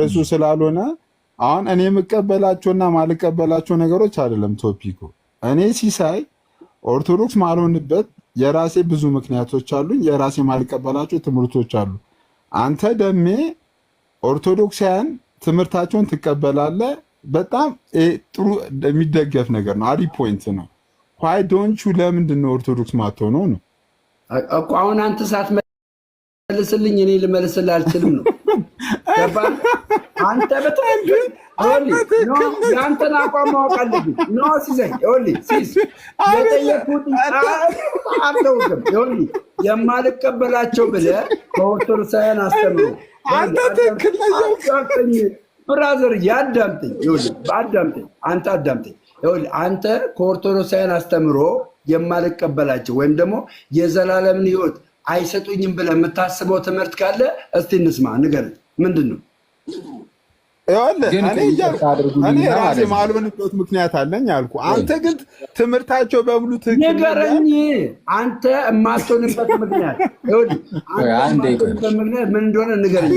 ርዕሱ ስላልሆነ አሁን እኔ የምቀበላቸውና ማልቀበላቸው ነገሮች አይደለም ቶፒኩ። እኔ ሲሳይ ኦርቶዶክስ ማልሆንበት የራሴ ብዙ ምክንያቶች አሉኝ። የራሴ ማልቀበላቸው ትምህርቶች አሉ። አንተ ደሜ ኦርቶዶክሳውያን ትምህርታቸውን ትቀበላለ። በጣም ጥሩ የሚደገፍ ነገር ነው። አሪ ፖይንት ነው። ኳይ ዶንቹ ለምንድን ነው ኦርቶዶክስ ማትሆነው ነው እኮ አሁን አንተ ሳትመልስልኝ እኔ ልመልስል አልችልም ነው አንተ የአንተን አቋም ማወቅ አለብኝ። ኖ ሲዘኝ የጠየኩት የማልቀበላቸው ብለህ በኦርቶዶክሳውያን አስተምሮ ብራዘር አዳምጠኝ፣ አንተ አዳምጠኝ። አንተ ከኦርቶዶክሳውያን አስተምሮ የማልቀበላቸው ወይም ደግሞ የዘላለምን ህይወት አይሰጡኝም ብለህ የምታስበው ትምህርት ካለ እስቲ እንስማ፣ ንገር። ምንድን ነው? እኔ ራሴ ማልሆንበት ምክንያት አለኝ አልኩ። አንተ ግን ትምህርታቸው በሙሉ ንገረኝ። አንተ የማትሆንበት ምክንያት ምክንያት ምን እንደሆነ ንገረኝ።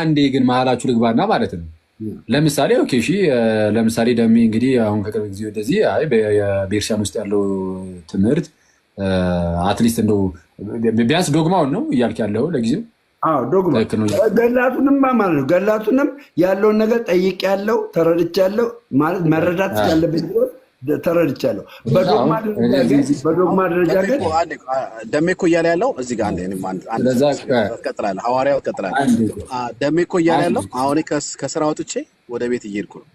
አንዴ ግን መሀላችሁ ልግባና ማለት ነው ለምሳሌ ኦኬ፣ እሺ፣ ለምሳሌ ደሜ እንግዲህ አሁን ከቅርብ ጊዜ ወደዚህ ቤርሻን ውስጥ ያለው ትምህርት አትሊስት እንደው ቢያንስ ዶግማውን ነው እያልክ ያለው ለጊዜው ዶግማ ማለት ነው። ገላቱንም ያለውን ነገር ጠይቅ ያለው ተረድቻለሁ ማለት መረዳት ያለብኝ ተረድቻለሁ። በዶግማ ደረጃ ግን ደሜ እኮ እያለ ያለው እዚህ ጋር ቀጥላለሁ፣ ሐዋርያው ቀጥላለሁ። ደሜ እኮ እያለ ያለው አሁን ከስራ ወጥቼ ወደ ቤት እየሄድኩ ነው።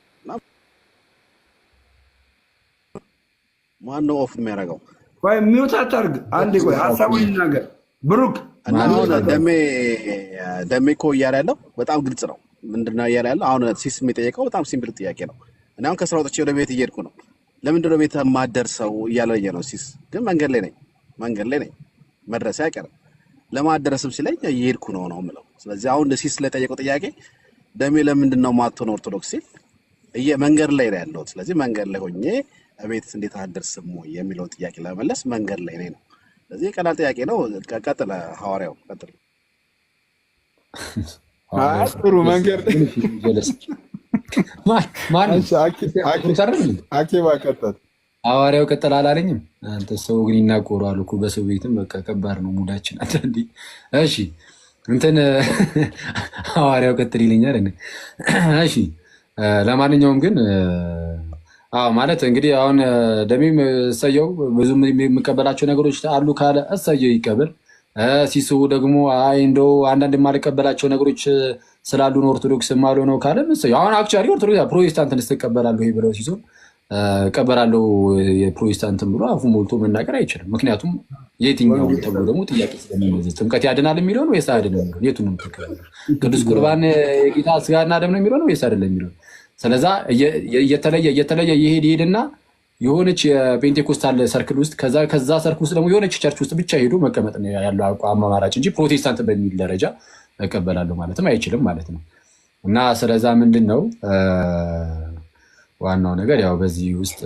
ማነው ኦፍ የሚያደርገው? ቆይ ሚውት አታርግ። አንዴ ቆይ ሀሳቡን ይናገር ብሩክ። ደሜ እኮ እያለ ያለው በጣም ግልጽ ነው። ምንድነው እያለ ያለው? አሁን ሲስ የሚጠየቀው በጣም ሲምፕል ጥያቄ ነው። እኔ አሁን ከስራ ወጥቼ ወደ ቤት እየሄድኩ ነው። ለምንድን ነው ቤት የማደርሰው እያለኝ ነው ሲስ። ግን መንገድ ላይ ነኝ፣ መንገድ ላይ ነኝ፣ መድረሴ አይቀርም። ለማደረስም ሲለኝ እየሄድኩ ነው ነው የምለው። ስለዚህ አሁን ሲስ ስለጠየቀው ጥያቄ ደሜ ለምንድን ነው ማትሆን ኦርቶዶክስ ሲል መንገድ ላይ ነው ያለሁት። ስለዚህ መንገድ ላይ ሆኜ እቤት እንዴት አደርስም የሚለውን ጥያቄ ለመመለስ መንገድ ላይ ነኝ ነው። ስለዚህ ቀላል ጥያቄ ነው። ቀጥለ ሐዋርያው ቀጥል። ጥሩ መንገድ ሐዋርያው ቀጥል አላለኝም። አንተ ሰው ግን ይናቆራሉ እኮ በሰው ቤትም በቃ ከባድ ነው ሙዳችን። አንዳንዴ እሺ እንትን ሐዋርያው ቀጥል ይለኛል። እሺ ለማንኛውም ግን አዎ ማለት እንግዲህ አሁን ደሜም እሰየው ብዙ የምቀበላቸው ነገሮች አሉ ካለ እሰየው ይቀበል። ሲሱ ደግሞ አይ እንደ አንዳንድ የማልቀበላቸው ነገሮች ስላሉን ኦርቶዶክስ ማሉ ነው ካለ እሰየው። አሁን አክቹዋሊ ኦርቶዶክስ ፕሮቴስታንትን ስትቀበላለሁ ይሄ ብለው ሲሱ እቀበላለሁ የፕሮቴስታንትን ብሎ አፉ ሞልቶ መናገር አይችልም። ምክንያቱም የትኛው ተብሎ ደግሞ ጥያቄ ስለሚመዝ ጥምቀት ያድናል የሚለውን ወይስ አይድንም? የቱንም ቅዱስ ቁርባን የጌታ ስጋና ደም ነው የሚለውን ወይስ አይደለም የሚለው ስለዛ እየተለየ እየተለየ ይሄድ ይሄድና የሆነች የፔንቴኮስታል ሰርክል ውስጥ ከዛ ከዛ ሰርክል ውስጥ ደግሞ የሆነች ቸርች ውስጥ ብቻ ሄዶ መቀመጥ ነው ያለው አማራጭ እንጂ ፕሮቴስታንት በሚል ደረጃ እቀበላለሁ ማለትም አይችልም ማለት ነው። እና ስለዛ ምንድን ነው ዋናው ነገር ያው በዚህ ውስጥ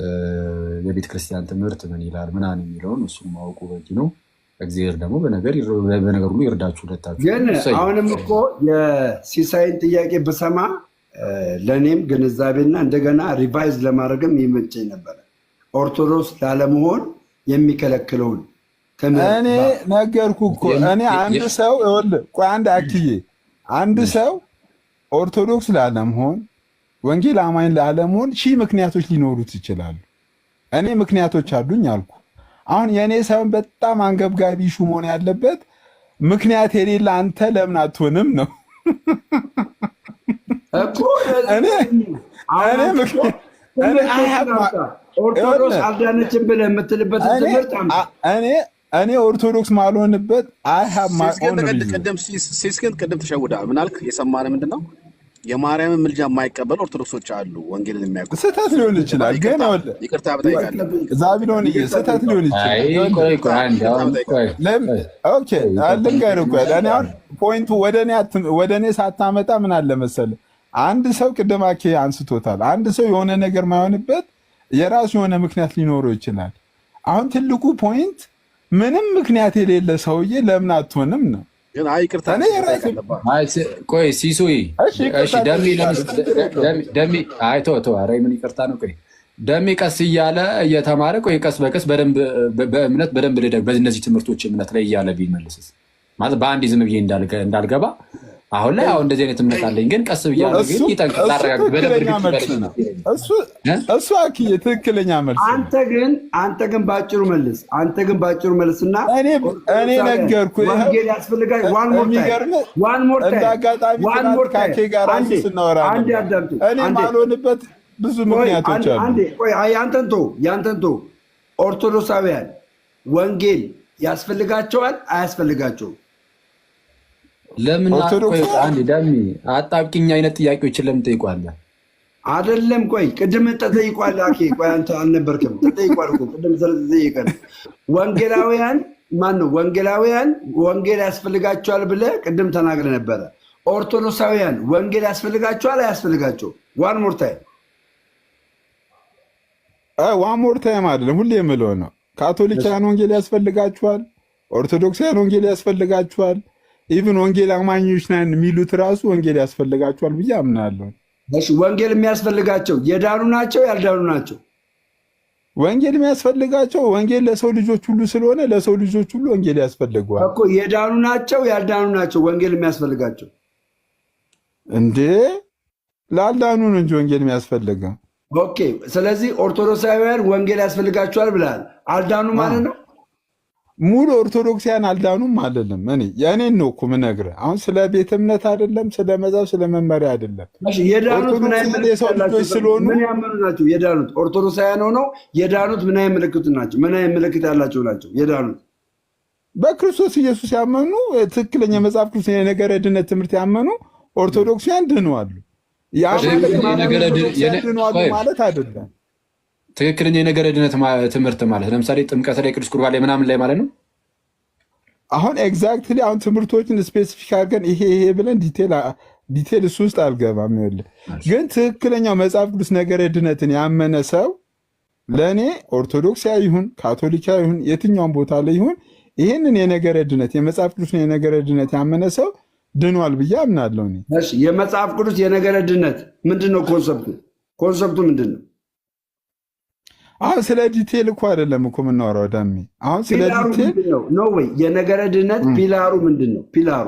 የቤተ ክርስቲያን ትምህርት ምን ይላል ምናምን የሚለውን እሱም ማወቁ በቂ ነው። እግዚአብሔር ደግሞ በነገር በነገር ሁሉ ይርዳችሁ። ሁለታችሁ ግን አሁንም እኮ የሲሳይን ጥያቄ ብሰማ ለእኔም ግንዛቤና እንደገና ሪቫይዝ ለማድረግም ይመቸኝ ነበረ። ኦርቶዶክስ ላለመሆን የሚከለክለውን እኔ ነገርኩ እኮ እኔ አንድ ሰው ወል ቆይ አንድ አክዬ አንድ ሰው ኦርቶዶክስ ላለመሆን ወንጌል አማኝ ላለመሆን ሺህ ምክንያቶች ሊኖሩት ይችላሉ። እኔ ምክንያቶች አሉኝ አልኩ። አሁን የእኔ ሰውን በጣም አንገብጋቢ ሹ መሆን ያለበት ምክንያት የሌለ አንተ ለምን አትሆንም ነው። ኦርቶዶክስ እኔ ኦርቶዶክስ ማልሆንበት ቅድም ሲስክን ቅድም ተሸውዳ ምናልክ የሰማነ የሰማነው ምንድን ነው? የማርያምን ምልጃ የማይቀበል ኦርቶዶክሶች አሉ። ወንጌልን የሚያውቁ ስህተት ሊሆን ይችላል፣ ግን ይቅርታ ብጠይቃለሁ። ዛቢሎን ስህተት ሊሆን ይችላል። ልንገርህ፣ እኔ ፖይንቱ ወደ እኔ ሳታመጣ ምን አለ መሰለህ አንድ ሰው ቅድም አኬ አንስቶታል። አንድ ሰው የሆነ ነገር ማይሆንበት የራሱ የሆነ ምክንያት ሊኖረው ይችላል። አሁን ትልቁ ፖይንት ምንም ምክንያት የሌለ ሰውዬ ለምን አትሆንም ነው። ቆይ ሲሱይ ይቅርታ ነው። ቆይ ቀስ እያለ እየተማረ ቆይ ቀስ በቀስ በእምነት በደንብ ልደግ በእነዚህ ትምህርቶች እምነት ላይ እያለ ቢመልስስ ማለት በአንድ ዝም ብዬ እንዳልገባ አሁን ላይ አሁን እንደዚህ አይነት እምነት አለኝ፣ ግን ቀስ ብያ እሱ አክዬ ትክክለኛ መልስ። አንተ ግን አንተ ግን በአጭሩ መልስ አንተ ግን በአጭሩ መልስና እኔ ነገርኩህ። ያስፈልጋል እንደ አጋጣሚ ካኬ ጋር ስናወራ እኔ ማልሆንበት ብዙ ምክንያቶች አሉ። ያንተንቶ ያንተንቶ ኦርቶዶክሳውያን ወንጌል ያስፈልጋቸዋል አያስፈልጋቸውም? ለምን ዳሚ አጣብቂኝ አይነት ጥያቄዎችን ለምን ጠይቋለ? አደለም ቆይ ቅድም ተጠይቋል። አኬ ቆይ አንተ አልነበርክም። ተጠይቋል እኮ ቅድም ስለተጠይቀን ወንጌላውያን ማን ነው ወንጌላውያን ወንጌል ያስፈልጋቸዋል ብለ ቅድም ተናግረ ነበረ። ኦርቶዶክሳውያን ወንጌል ያስፈልጋቸዋል አያስፈልጋቸው? ዋን ሞር ታይም ዋን ሞር ታይም አይደለም ሁሌ የምለው ነው። ካቶሊካውያን ወንጌል ያስፈልጋቸዋል፣ ኦርቶዶክሳውያን ወንጌል ያስፈልጋቸዋል ኢቭን ወንጌል አማኞች ነን የሚሉት ራሱ ወንጌል ያስፈልጋቸዋል ብዬ አምናለሁ። እሺ ወንጌል የሚያስፈልጋቸው የዳኑ ናቸው ያልዳኑ ናቸው? ወንጌል የሚያስፈልጋቸው ወንጌል ለሰው ልጆች ሁሉ ስለሆነ ለሰው ልጆች ሁሉ ወንጌል ያስፈልገዋል እኮ። የዳኑ ናቸው ያልዳኑ ናቸው ወንጌል የሚያስፈልጋቸው? እንዴ ላልዳኑ ነው እንጂ ወንጌል የሚያስፈልገው። ኦኬ። ስለዚህ ኦርቶዶክሳውያን ወንጌል ያስፈልጋቸዋል ብለሃል። አልዳኑ ማለት ነው ሙሉ ኦርቶዶክሲያን አልዳኑም አልልም። እኔ የእኔን ነው እኮ የምነግርህ። አሁን ስለ ቤት እምነት አይደለም፣ ስለ መዛብ ስለ መመሪያ አይደለም። የዳኑት ልጆች ስለሆኑ ምን ያመኑ ናቸው? የዳኑት ኦርቶዶክሳውያን ሆነው የዳኑት ምን አይነት ምልክት ናቸው? ምን አይነት ምልክት ያላቸው ናቸው? የዳኑት በክርስቶስ ኢየሱስ ያመኑ ትክክለኛ መጽሐፍ ቅዱስ የነገረ ድነት ትምህርት ያመኑ ኦርቶዶክሲያን ድነዋል። ያ ማለት ድነዋል ማለት አይደለም። ትክክለኛ የነገረ ድነት ትምህርት ማለት ለምሳሌ ጥምቀት ላይ ቅዱስ ቁርባን ላይ ምናምን ላይ ማለት ነው። አሁን ኤግዛክትሊ አሁን ትምህርቶችን ስፔሲፊክ አድርገን ይሄ ይሄ ብለን ዲቴል እሱ ውስጥ አልገባም። ይኸውልህ ግን ትክክለኛው መጽሐፍ ቅዱስ ነገረ ድነትን ያመነ ሰው ለእኔ ኦርቶዶክሲያ ይሁን ካቶሊካ ይሁን የትኛውን ቦታ ላይ ይሁን ይህንን የነገረ ድነት የመጽሐፍ ቅዱስ የነገረ ድነት ያመነ ሰው ድኗል ብዬ አምናለሁ። የመጽሐፍ ቅዱስ የነገረ ድነት ምንድን ነው? ኮንሰፕቱ ኮንሰፕቱ ምንድን ነው? አሁን ስለ ዲቴል እኮ አይደለም እኮ የምናወራው ዳሜ። አሁን ስለ ዲቴል ወይ የነገረ ድነት ፒላሩ ምንድን ነው? ፒላሩ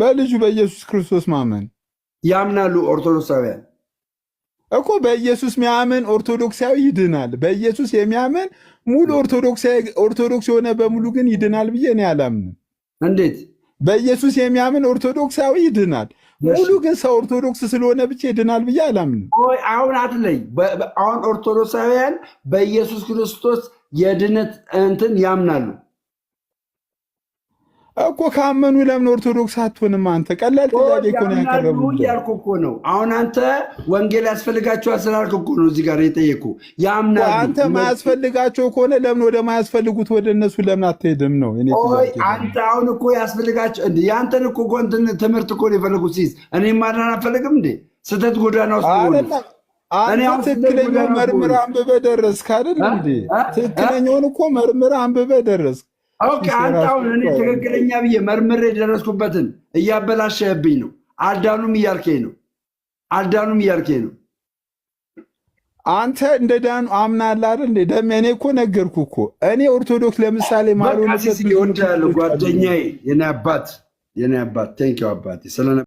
በልጁ በኢየሱስ ክርስቶስ ማመን ያምናሉ ኦርቶዶክሳውያን እኮ በኢየሱስ የሚያምን ኦርቶዶክሳዊ ይድናል። በኢየሱስ የሚያምን ሙሉ ኦርቶዶክስ የሆነ በሙሉ ግን ይድናል ብዬ እኔ አላምንም። እንዴት በኢየሱስ የሚያምን ኦርቶዶክሳዊ ይድናል። ሙሉ ግን ሰው ኦርቶዶክስ ስለሆነ ብቻ ይድናል ብዬ አላምንም። አሁን አትለይ። አሁን ኦርቶዶክሳውያን በኢየሱስ ክርስቶስ የድነት እንትን ያምናሉ። እኮ ካመኑ ለምን ኦርቶዶክስ አትሆንም? አንተ ቀላል ጥያቄ እኮ ነው ያቀረቡት እያልኩ እኮ ነው። አሁን አንተ ወንጌል ያስፈልጋቸዋል ስላልክ እኮ ነው እዚህ ጋር የጠየኩ። ያምናሉ። አንተ ማያስፈልጋቸው ከሆነ ለምን ወደ ማያስፈልጉት ወደ እነሱ ለምን አትሄድም ነው እኔ አንተ አሁን እኮ ያስፈልጋቸው እንደ የአንተን እኮ ጎንትን ትምህርት እኮ የፈለጉት ሲይዝ እኔ ማዳን አልፈልግም እንዴ ስህተት ጎዳና ውስጥ ሆነ አንተ ትክክለኛውን መርምረህ አንብበህ ደረስክ አይደል እንዴ? ትክክለኛውን እኮ መርምር አንብበ ደረስክ ኦኬ፣ አንተ አሁን እኔ ትክክለኛ ብዬ መርምሬ የደረስኩበትን እያበላሸህብኝ ነው። አልዳኑም እያልከኝ ነው። አልዳኑም እያልከኝ ነው። አንተ እንደ ዳኑ አምናለህ አይደል? እንደ ደም እኔ እኮ ነገርኩ እኮ እኔ ኦርቶዶክስ ለምሳሌ ማሉ ሲወዳለ ጓደኛዬ የኔ አባት የኔ አባት ቴንኪው አባቴ ስለነ